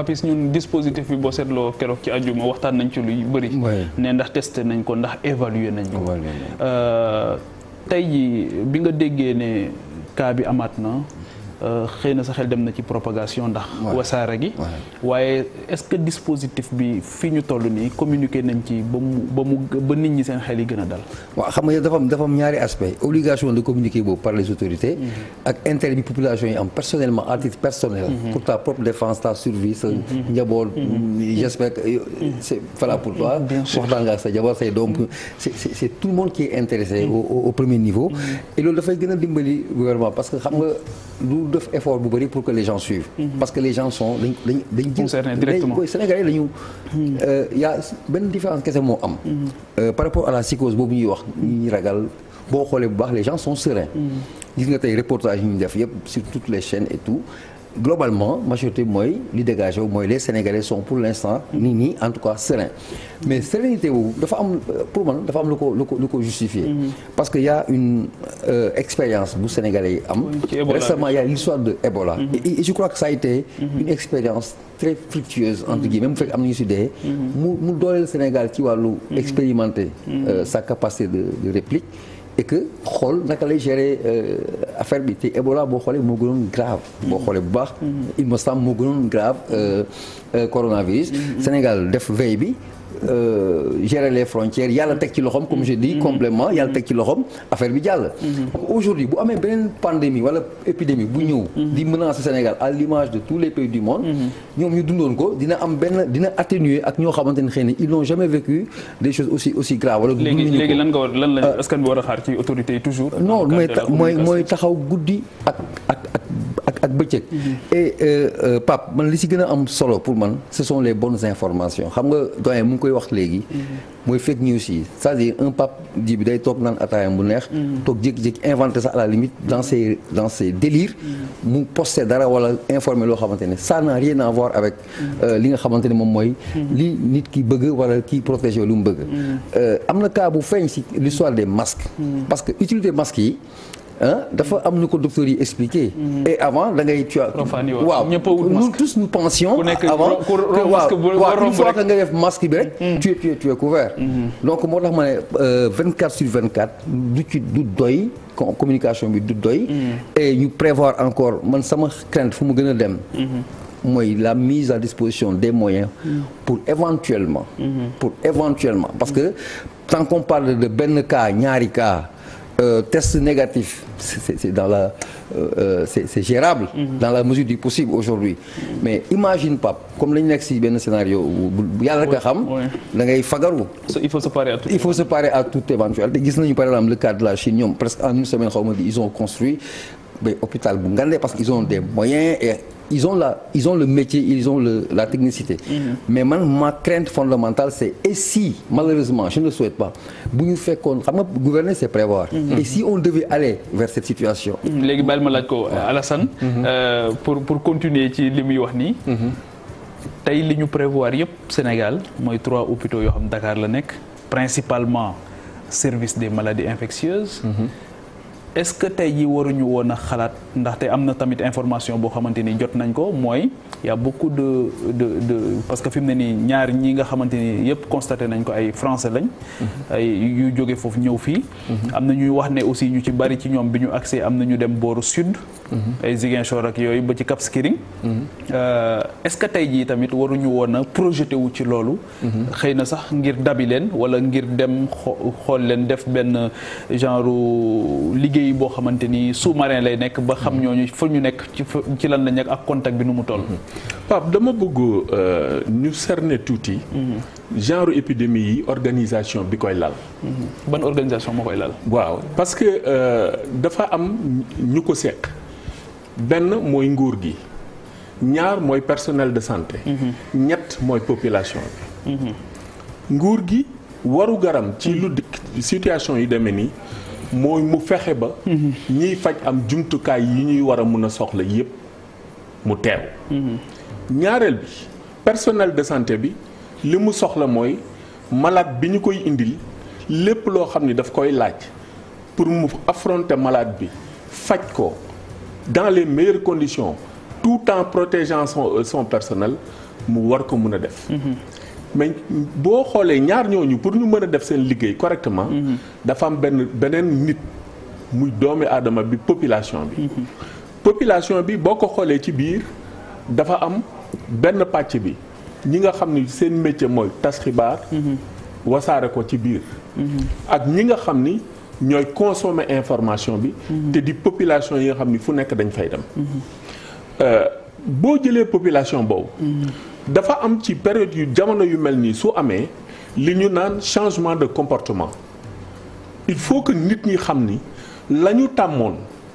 papis ñun dispositif bi boo seetloo keroog ci àjjuma waxtaan nañ ci luy bëri ne ndax testé nañ ko ndax évaluer nañ ko euh, tey bi nga déggee ne cas bi amaat na Euh, xëy na sa xel dem na ci propagation ndax wasaara gi waaye est-ce que dispositif bi fi ñu toll nii communiqué nañ ci ba mu ba mu ba nit ñi seen xel yi gën a dal waaw xam nga dafa am dafa am ñaari aspect obligation de communiquer boobu par les autorités mm-hmm. ak intérêt bi population yi am personnellement à titre personnel mm-hmm. pour ta propre défense ta survie sa mm-hmm. njaboot j'espère que euh, c'est voilà pour toi waxtaan nga sa jabar say doom c'est tout le monde qui est intéressé au, a def effort bu bëri pour que les gens suivent. Mhm. parce que les gens sont dañ dañ directement dañ Sénégalais dañu. Mhm. Euh, y benn différence kese moo am. Mhm. Euh, par rapport à la psychose boobu ñuy wax ñuy ragal boo xoolee bu baax les gens sont sereins. gis nga tey reportage yi ñu def yëpp sur les chaînes et tout. globalement majorité mooy li dégagé wu mooy les sénégalais sont pour l'instant nii nii en tout cas sereins mais sérénité boobu dafa am pour man dafa am lu ko lu ko lu ko justifié mm-hmm. parce que y a une euh, expérience bu sénégalais yi am récemment y a l'histoire de Ebola mm-hmm. et, je crois que ça a été mm-hmm. une expérience très fructueuse entre guillemets même bu fekk am nañu si dee mu mu dooleel Sénégal ci wàllu expérimenter euh, sa capacité de, de réplique et que xool naka lay gérer euh, affaire bi te Ebola boo xoolee moo gënoon grave. boo xoolee bu baax. Mm-hmm. il me semble moo gënoon grave euh, euh, coronavirus. Mm-hmm. Sénégal def veille bi. Euh, gérer les frontières yàlla teg ci loxoom comme je dis mhm. complément yàlla mhm. teg ci loxoom affaire bi jàll mhm. aujourd'hui bu amee beneen pandémie wala épidémie bu ñëw di menacer Sénégal à l'image de tous les pays du monde ñoom ñu dundoon ko dina am benn dina atténuer ak ñoo xamante ne xëy na ils n'ont jamais vécu des choses aussi aussi graves wala léegi léegi lan nga war lan la euh, askan bi war a xaar ci autorité yi toujours non mais mooy mooy taxaw guddi ak ak ak bëccëg. Mhm. et euh, euh, Pape man li ci gën a am solo pour man ce sont les bonnes informations xam nga doyen mu ngi koy wax léegi. Mhm. mooy fake news yi c'est-à-dire un pape ji bi day toog naan ataayam bu neex. Mhm. toog jékki-jékki inventé ça à la limite dans ses dans ses délires. mu posté dara wala informé loo xamante ne ça n'a rien à voir avec euh, li nga xamante moom mooy. li nit ki bëgg wala ki protégé lu mu bëgg. am na cas feeñ ci l'histoire des masques. parce que utilité masques yi. ah dafa am nu ko docteur yi expliqué. Mm-hmm. et avant da ngay tu as. waaw nous tous nous pensions. avant que waaw une nga def masque bi rek. Mm-hmm. tu es tu es tu mm-hmm. donc moo tax ma ne 24 euh, sur 24 du ci doy communication bi du doy. et ñu prévoir encore man sama crainte fu mu gën a dem. mooy la mise à disposition des moyens. pour éventuellement. pour éventuellement parce que tant qu'on parle de benn cas ñaari cas. euh, test négatif c'est dans la euh, euh, gérable mhm. dans la mesure du possible aujourd'hui mais imagine pas comme la ñu nekk scénario bu yàlla a xam da ngay fagaru il il faut se parer à toute éventualité gis nañu par exemple le cas de la Chine ñoom presque en une semaine xaw ils ont construit mais hôpital bu ngandee parce qu'ils ont des moyens et ils ont la ils ont le métier ils ont le la technicité. Mhm. mais man ma crainte fondamentale c'est et si malheureusement je ne souhaite pas bu ñu fekkoon xam nga gouverner c'est prévoir. Mm -hmm. et si on devait aller vers cette situation. Mhm. léegi bàyyi ma laaj ko mhm. euh, pour pour continuer ci li muy wax nii. tey li ñu prévoir yépp Sénégal mooy trois hôpitaux yoo xam Dakar la nekk principalement service des maladies infectieuses. est-ce que tey jii waruñu woon a xalaat ndaxte am na tamit information boo xamante ni jot nañ ko mooy y' a beaucoup de de de parce que fi mu ne nii ñaar ñi nga xamante ni yëpp constaté nañ ko ay français lañ. Mhm. ay yu jóge foofu ñëw fii. Mhm. am na ñuy wax ne aussi ñu ci bari ci ñoom bi ñu accès am na ñu dem booru sud. Mhm. ay Ziguinchor ak yooyu ba ci Cap Skiring. Euh, est-ce que tey jii tamit waruñu woon a projeté wu ci loolu. xëy na sax ngir dabi leen wala ngir dem xool leen def benn genre liggéey boo xamante ni sous-marin lay xam ñooñu fa ñu nekk ci ci lan la nekk ak contact bi nu mu toll. Pape dama bëgg euh, ñu cerner tuuti. Mm-hmm. genre épidémie yi organisation bi koy lal. Mm-hmm. ban organisation moo koy lal. waaw parce que euh, dafa am ñu ko seq benn mooy nguur gi ñaar mooy personnel de santé. Mm-hmm. ñett mooy population bi. nguur gi waru garam ci lu dikk situation yi demee nii. mooy mu fexe ba. ñiy faj am jumtukaay yi ñuy war a mun a soxla yépp mu teew. ñaareel bi personnel de santé bi li mu soxla mooy malade bi ñu koy indil lépp loo xam ni daf koy laaj pour mu affronter malade bi faj ko dans les meilleures conditions tout temps protégeant son euh, son personnel mu war ko mun a def. Mm-hmm. mais boo xoolee ñaar ñooñu pour ñu mën a def seen liggéey correctement. Mhm. dafa am benn beneen nit muy doomi aadama bi population bi. Mhm. population bi boo ko xoolee ci biir dafa am benn pàcc bi ñi nga xam ni seen métier mooy tas xibaar. Mhm. wasaare ko ci biir. ak ñi nga xam ni ñooy consommer information bi. te di population yi nga xam ni fu nekk dañ fay dem. Euh, boo jëlee population boobu. dafa am ci période yu jamono yu mel nii su amee li ñu naan changement de comportement il faut que nit ñi xam ni la ñu tàmmoon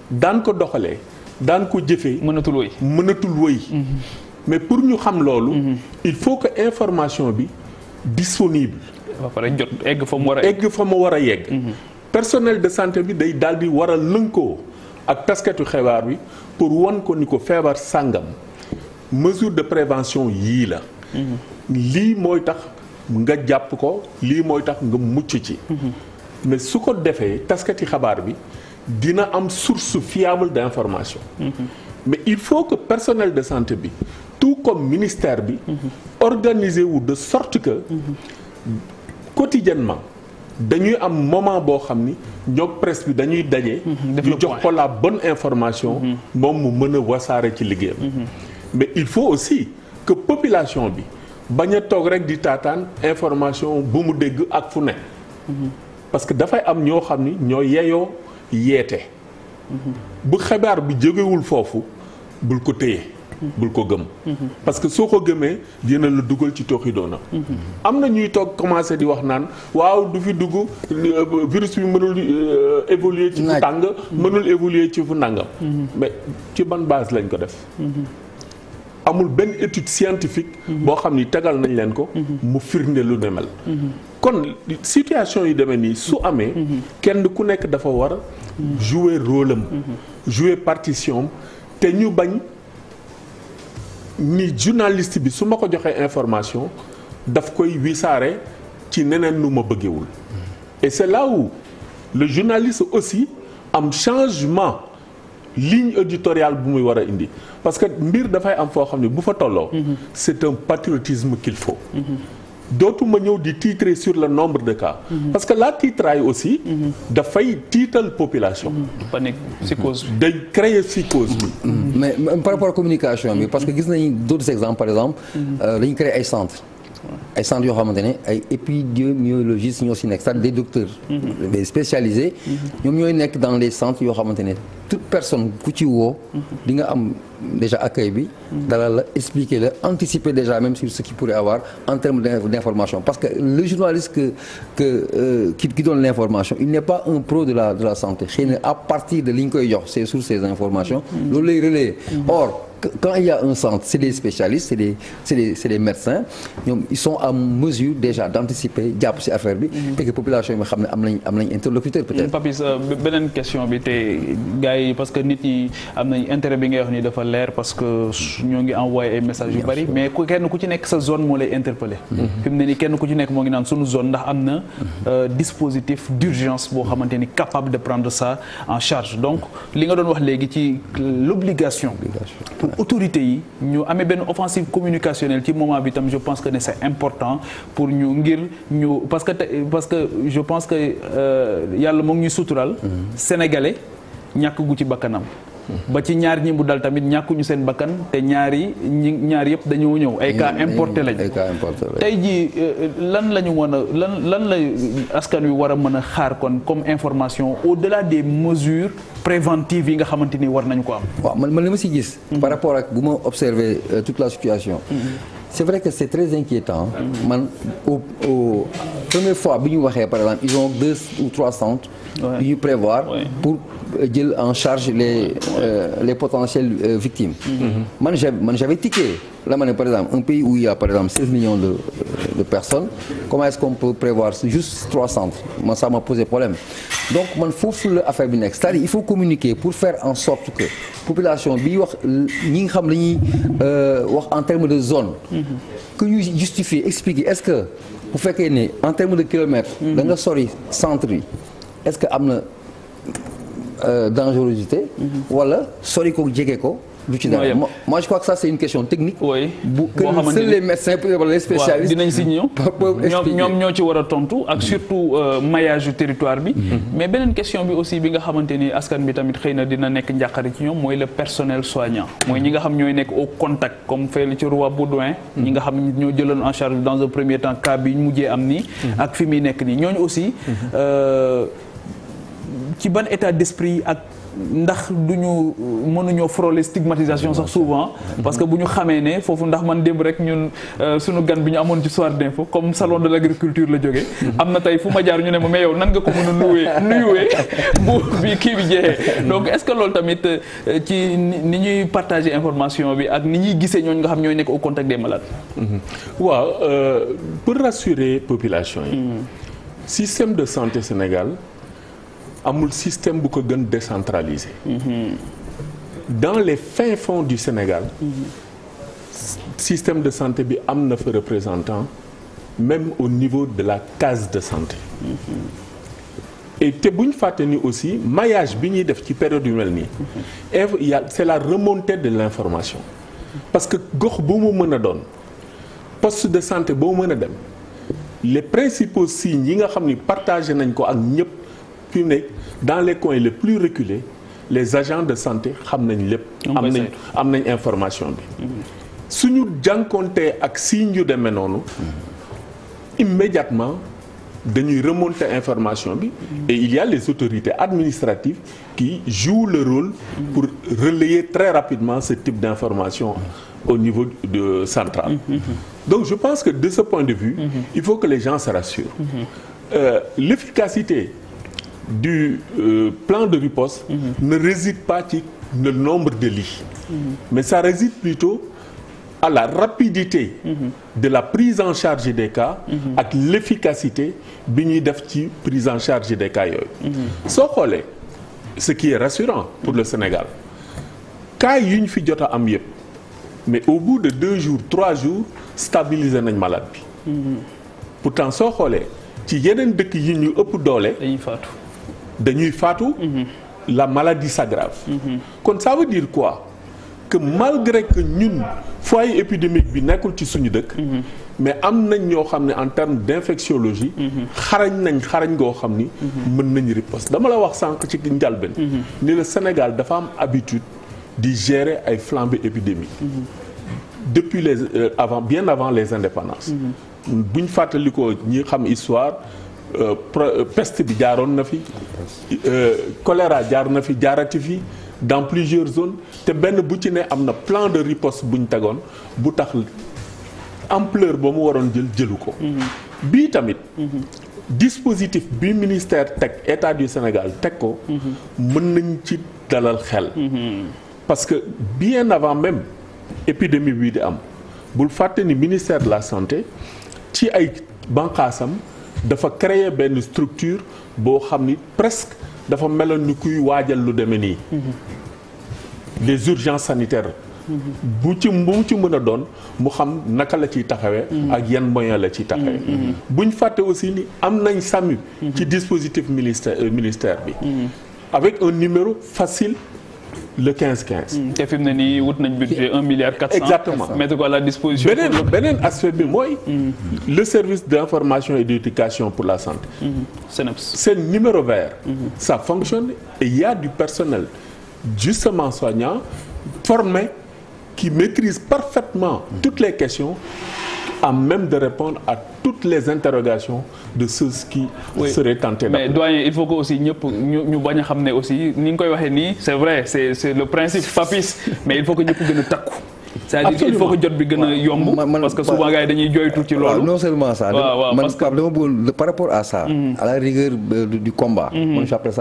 daan ko doxalee daan ko jëfee. mënatul wëy mënatul wëy. Mhm. mais pour ñu xam loolu. Mhm. il faut que information bi disponible. ba pare jot egg fa mu war a egg fa mu war a yegg. Mhm. personnel de santé bi day daal di war a lënkoo ak taskatu xibaar bi pour wan ko ni ko feebar sàngam. mesure de prévention yii la. lii mooy tax nga jàpp ko lii mooy tax nga mucc ci. mais su ko defee taskati xabaar bi dina am source fiable d'information. mais il faut que personnel de santé bi tout comme ministère bi. organiser wu de sorte que. quotidiennement dañuy am moment boo xam ni ñoog presse bi dañuy daje. Mmh, mmh, ñu jox ko la bonne information. Mmh. moom mu mën a wasaare ci liggéeyam. mais il faut aussi que population bi bañ a toog rek di taataan information bu mu dégg ak fu ne. Mhm. parce que dafay am ñoo xam ni ñoo yeyoo yeete. Mhm. bu xibaar bi jógewul foofu bul ko téye. Mhm. bul ko gëm. parce que soo ko gëmee dina la dugal ci tooxi doona am na ñuy toog commencé di wax naan waaw du fi dugg euh, virus bi mënul euh, évoluer ci fu tàng mënul évoluer ci fu nangam. mais ci ban base lañ ko def. amul benn étude scientifique. boo xam ni tegal nañ leen ko. mu firnde lu ne mel. kon situation yu demee nii su amee. kenn ku nekk dafa war a. jouer rôle am. jouer partition am te ñu bañ ni journaliste bi su ma ko joxee information daf koy wisaare ci neneen nu ma bëggewul et c'est le journaliste aussi am changement. ligne éditoriale bu muy war a indi parce que mbir dafay am foo xam ne bu fa tolloo mhm. c'est un patriotisme qu'il faut mhm. dootuma ñëw di titrer sur le nombre de cas mhm. parce que la titraille aussi dafay tiital population dafa nekk psychose day créer psychose bi mais par rapport à communication bi parce que gis nañu d'autres exemples par exemple euh, dañu créer ay centres ay centres yoo xamante ne ay épidémiologistes ñoo si nekk cest des docteurs. Mm-hmm. des spécialisés. Mm-hmm. ñoom ñooy nekk dans les centres yoo xamante ne toute personne ku ci woo. Mm-hmm. di nga am déjà accueil bi. dalal la expliquer la anticiper déjà même sur ce qu'il pourrait avoir en termes d'information parce que le journaliste que que euh, qui qui donne l'information il n'est pas un pro de la de santé xëy na à partir de li ñu koy jox c'est sur ces informations. loolu lay relayer or. quand il y a un centre c'est des spécialistes c'est des c'est des c'est des médecins ñoom ils sont en affaire bi. Mhm. fekk population yi xam ne am nañ am nañ interlocuteur peut-être. Papis euh, question bi te gars que nit ñi am nañ intérêt bi ngay wax ni dafa leer parce que ñoo ngi envoyé ay messages yu bari mais ku kenn ku ci nekk sa zone moo lay interpellé. Mhm. Mhm. fi ne nii kenn ku ci nekk moo ngi naan sunu zone ndax am na euh, dispositif d'urgence boo xamante ni capable de prendre ça en charge donc li nga doon wax léegi ci l'obligation. autorité yi ñu amee benn offensive communicationnelle ci moment bi tam je pense que ne c'est important pour ñu ngir ñu parce que parce que je pense que euh, yàlla moo ngi ñu sutural mm-hmm. sénégalais ñàkk gu ci bakkanam ba ci ñaar ñi mu dal tamit ñàkkuñu seen bakkan te ñaari ñi ñaar yëpp dañoo ñëw ay cas importé lañ tey jii euh, euh, lan la ñu mën lan lan la askan wi war a mën a xaar kon comme information au-delà des mesures préventives yi nga xamante ni war nañu ko am waaw man man li ma si gis mm-hmm. par rapport ak bu ma observer euh, toute la situation mm-hmm. c'est vrai que c'est très inquiétant man au au première fois bi ñu waxee par exemple ils ont deux ou trois centres yu ñu prévoir pour euh, jël en charge les euh, les potentielles euh, victimes mm-hmm. man mm -hmm. man j'avais tiqué là ma ne par exemple un pays où il y a par exemple 16 millions de, euh, de personnes comment est-ce qu'on peut prévoir juste trois centres man ça m'a posé problème donc man foofu la affaire bi nekk c'est-à-dire il faut communiquer pour faire en sorte que population bi wax ñi nga xam la ñuy euh, wax en termes de zone mm-hmm. que ñu justifier expliquer est-ce que bu fekkee ne en termes de kilomètres mm-hmm. da nga sori centre bi est-ce que am na euh, dangerosité mm-hmm. wala sori ko jege ko du que ça c'est une question technique. oui dinañ si ñëw ñoom ñoo ci war a tontu ak mm-hmm. surtout euh, maillage du territoire bi. Mm-hmm. mais beneen question bi aussi bi nga xamante ni askan bi tamit xëy na dina nekk njàqare ci ñoom mooy le personnel soignant. mooy ñi nga xam ñooy nekk au contact comme fële ci Roi Baudouin. Mm-hmm. ñi nga xam ñoo jëloon en charge dans un premier temps cas bi ñu mujjee am nii. ak fi muy nekk nii ñooñu aussi. Euh, ci ban état d'esprit ak. ndax du ñu mënuñoo frôler stigmatisation sax souvent parce que bu ñu xamee ne foofu ndax man démb rek ñun euh, suñu gan bi ñu amoon ci soir d'info comme salon de l'agriculture la jógee am na tey fu ma jaar ñu ne ma mais yow nan nga ko mën a nuyee nuyee bu bi kii bi jeexee donc est-ce que loolu tamit euh, ci ni ñuy partager information bi ak ni ñuy gisee ñooñu nga xam ñooy nekk au contact des malades mm-hmm. waaw euh, pour rassurer population yi mm-hmm. système de santé Sénégal amul système bu ko gën décentralisé. dans les fin fonds du Sénégal. système de santé bi am na fa représentant même au niveau de la case de santé. et te buñ ñu fàtte ni aussi mayage bi ñuy def ci période yu mel nii. y a c'est la remontée de l'information. parce que gox bu mu mën a doon poste de santé boo mën a dem les principaux signe yi nga xam ni partagé nañ ko ak ñëpp. fi mu ne dans les coins les plus reculés les agents de santé xam nañu lépp. xam nañ am nañ information bi. Mhm. suñu jànkoonte ak signe yu demee noonu. Mhm. immédiatement dañuy remonter information bi. Mhm. et il y a les autorités administratives qui jouent le rôle. pour relayer très rapidement ce type d'information au niveau de central. donc je pense que de ce point de vue. il faut que les gens se rassurent. Euh, l'efficacité du euh, plan de riposte mm -hmm. ne réside pas ci le nombre de lits mm-hmm. mais ça réside plutôt à la rapidité mm-hmm. de la prise en charge des cas mm-hmm. ak l'efficacité bi ñuy def ci prise en charge de cas yooyu soo xoolee ce qui est rassurant pour le Sénégal cas yu ñu fi jot am yëpp mais au bout de deux jours trois jours stabiliser nañ malade bi pourtant soo xoolee ci yeneen dëkk yi ñu ëpp doole dañuy faatu dañuy faatu. Mm-hmm. la maladie s'aggrave. Mm-hmm. kon ça veut dire quoi que malgré que ñun foyer épidémique bi nekkul ci suñu dëkk. Mm-hmm. mais am nañ ñoo xam ne en terme d'infectiologie. xarañ nañ xarañ goo xam ni. mën nañ riposte dama la wax sànq ci njalben ni la Sénégal dafa am habitude di gérer ay flambées épidémique depuis les euh, avant bien avant les indépendances. buñ fàttalikoo ñi xam histoire. Euh, pest bi jaaroon na fi euh, choléra jaar na fi jaarati fi dans plusieurs zones te benn bu ci ne am na plan de riposte bu tegoon bu tax ampleur ba mu waroon jël jëlu ko mm-hmm. bii tamit mm-hmm. dispositif bi ministère teg état du Sénégal teg ko mm-hmm. mën nañ ci dalal xel parce que bien avant même épidémie bii di am bul fàtte ni ministère de la santé ci ay banqaasam dafa créer benn structure boo xam ni presque dafa meloon ni kuy waajal lu demee nii. les urgences sanitaires. bu ci mu ci mën a doon mu xam naka la ciy taxawee. ak yan moyen la ciy taxawee. buñ fàtte aussi ni am nañ SAMU. ci dispositif ministère euh, ministère bi. Mm-hmm. avec un numéro facile. le quinze 15. Hmm, te fi mu ne nii wut nañ budget 1 milliard 400. exactement mettre ko à la disposition. beneen beneen aspect bi mooy. Hmm. le service d'information et d'éducation pour la santé. Hmm. SNEPS seen numéro vert. ça fonctionne et il y a du personnel justement soignant formé qui maîtrise parfaitement toutes les questions. à même de répondre à toutes les interrogations de ceux qui oui. seraient tentés mais doyen il faut que aussi ñëpp ñu ñu bañ a xam ne aussi ni nga koy waxee nii c'est vrai c'est c'est le principe papis mais il faut que ñëpp gën a takku c'est-à-dire qu'il faut que a yomb. parce que souvent gars yi dañuy jooytu ci loolu. non seulement ça man Pape dama bëggoon à ça. Mhm. à la rigueur euh, du combat. man mhm. j'appelle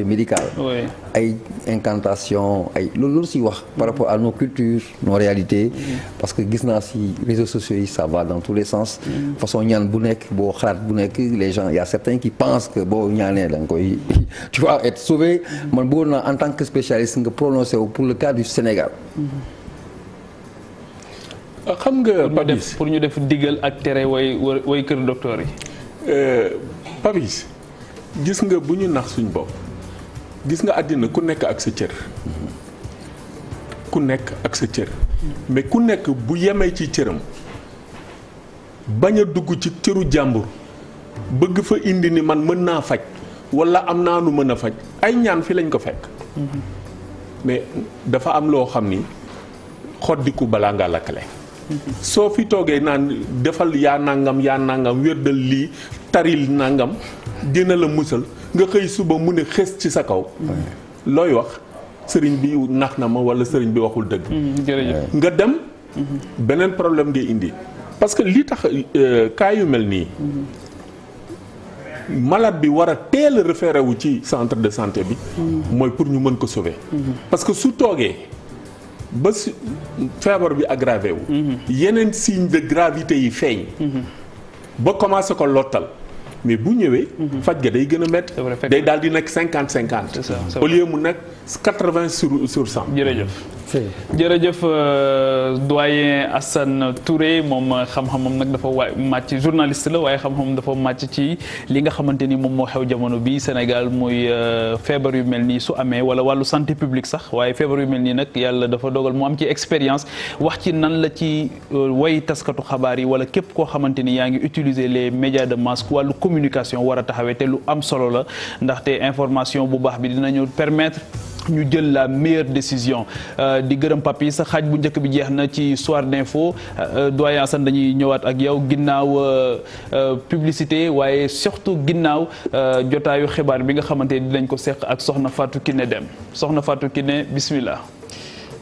mhm. euh, ay incantation ay si wax. par rapport à nos cultures nos parce que gis naa si réseaux sociaux yi ça va les sens. façon ñaan bu nekk boo xalaat bu nekk les gens y a certains qui pensent que boo ñaanee da koy en tant que que spécialiste nga prononcé wu pour le cas du Sénégal. Ah, xam nga Papis pour ñu def diggal ak tere way way kër docteur yi. Euh, Papis gis nga bu ñu nax suñ bopp gis nga àddina ku nekk ak sa cër. ku nekk ak sa cër mais ku nekk bu yemee ci cëram bañ a dugg ci cëru jàmbur bëgg fa indi ni man mën naa faj walla am naa nu mën a faj ay ñaan fi lañ ko fekk mais dafa am loo xam ni xoddiku balaa ngaa lakkale. soo fi toogee naan defal yaa nangam yaa nangam wérdal li taril nangam dina la musal nga xëy suba mu ne xës ci sa kaw. looy wax sëriñ bi nax na ma walla sëriñ bi waxul dëgg. Mm, nga dem. Mm-hmm. beneen problème ngay indi. parce que li tax euh, cas mel nii. Mm-hmm. malade bi war a teel a wu ci centre de santé bi. mooy pour ñu mën ko sauver. parce que su toogee ba su feebar bi aggravé wu. yeneen signe de gravité yi feeñ. ba commencé ko lottal. mais bu ñëwee. faj ga day gën a métti. day daal di nekk cinquante cinquante. au lieu mu nekk quatre vingt sur sur cent. jërëjëf. jërëjëf euh, doyen Assane Touré moom xam-xamam nag dafa wa màcc journaliste la waaye xam-xamam dafa màcc ci li nga xamante ni moom moo xew jamono bi Sénégal muy euh, feebar yu mel nii su amee wala wàllu santé publique sax waaye feebar yu mel nii nag yàlla dafa dogal mu am ci expérience wax ci nan la ci euh, way taskatu xabaar yi wala képp koo xamante ni yaa ngi utiliser les médias de masse wàllu communication war a taxawee te lu am solo la ndaxte information bu baax bi dinañu permettre ñu jël la meilleure décision euh, di gërëm papi sa xaaj bu njëkk bi jeex na ci soir d'info euh, doyen Assane dañuy ñëwaat ak yow ginnaaw euh, publicité waaye surtout ginnaaw jotaayu xibaar bi nga xamante di dinañ ko seq ak soxna Fatou Kiné dem soxna Fatou Kiné bismillah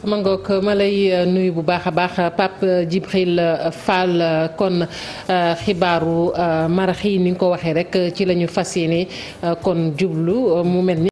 mangook ma lay nuyu bu baax a baax Pape Djibril Fall kon xibaaru marax yi ni nga ko waxee rek ci lañu ñu fas yéene kon jublu mu mel